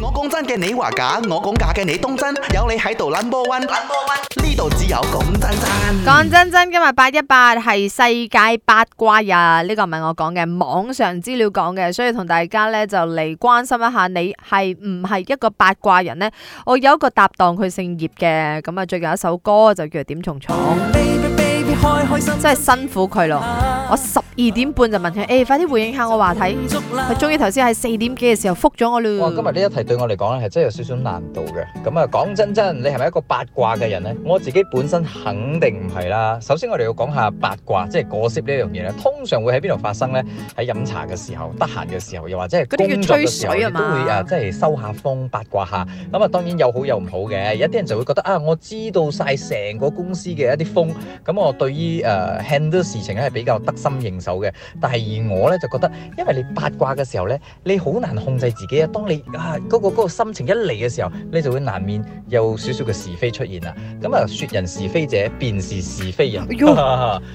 我講真嘅，你話假；我講假嘅，你當真。有你喺度 number one，number one，呢度只有講真真。講真真，今日八一八係世界八卦日，啊，呢個唔係我講嘅，網上資料講嘅，所以同大家呢，就嚟關心一下，你係唔係一個八卦人呢？我有一個搭檔，佢姓葉嘅，咁啊最近有一首歌就叫《點重床》，oh, baby, baby, 開開心，真係辛苦佢咯。我十二點半就問佢，誒、欸、快啲回應下我話題。佢終於頭先喺四點幾嘅時候覆咗我咯。哇！今日呢一題對我嚟講咧係真係有少少難度嘅。咁啊講真真，你係咪一個八卦嘅人呢？我自己本身肯定唔係啦。首先我哋要講下八卦，即係過色呢樣嘢咧，通常會喺邊度發生呢？喺飲茶嘅時候，得閒嘅時候，又或者係工作嘅時候都，叫吹水啊嘛，都會誒、啊，即係收下風八卦下。咁啊，當然有好有唔好嘅。有啲人就會覺得啊，我知道晒成個公司嘅一啲風，咁我對於誒 handle、啊、事情咧係比較得心應手嘅，但係而我咧就覺得，因為你八卦嘅時候咧，你好難控制自己啊。當你啊嗰、嗰個、嗰個心情一嚟嘅時候，你就會難免有少少嘅是非出現啦。咁啊，說人是非者，便是是非人。哎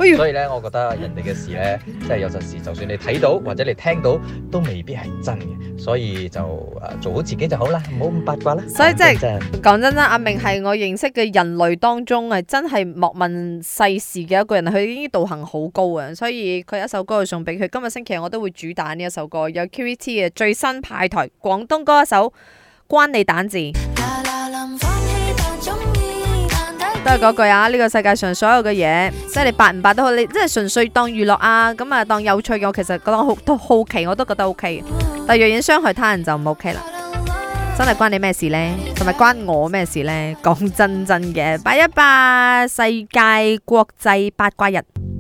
哎、 所以咧，我覺得人哋嘅事咧，即係有陣時，就算你睇到或者你聽到，都未必係真嘅。所以就誒，做好自己就好啦，唔好咁八卦啦。所以即係講真啦，阿明係我認識嘅人類當中係 真係莫問世事嘅一個人，佢已經道行好高嘅，所以。佢有一首歌送俾佢，今日星期我都會主打呢一首歌，有 QVT 嘅最新派台廣東歌一首《關你蛋事》，都係嗰句啊！呢個世界上所有嘅嘢，即係你八唔八都好，你即係純粹當娛樂啊，咁啊當有趣嘅，我其實覺得好都好奇，我都覺得 OK，但若然傷害他人就唔 OK 啦，真係關你咩事呢？同埋關我咩事呢？講真真嘅，八一八世界國際八卦日。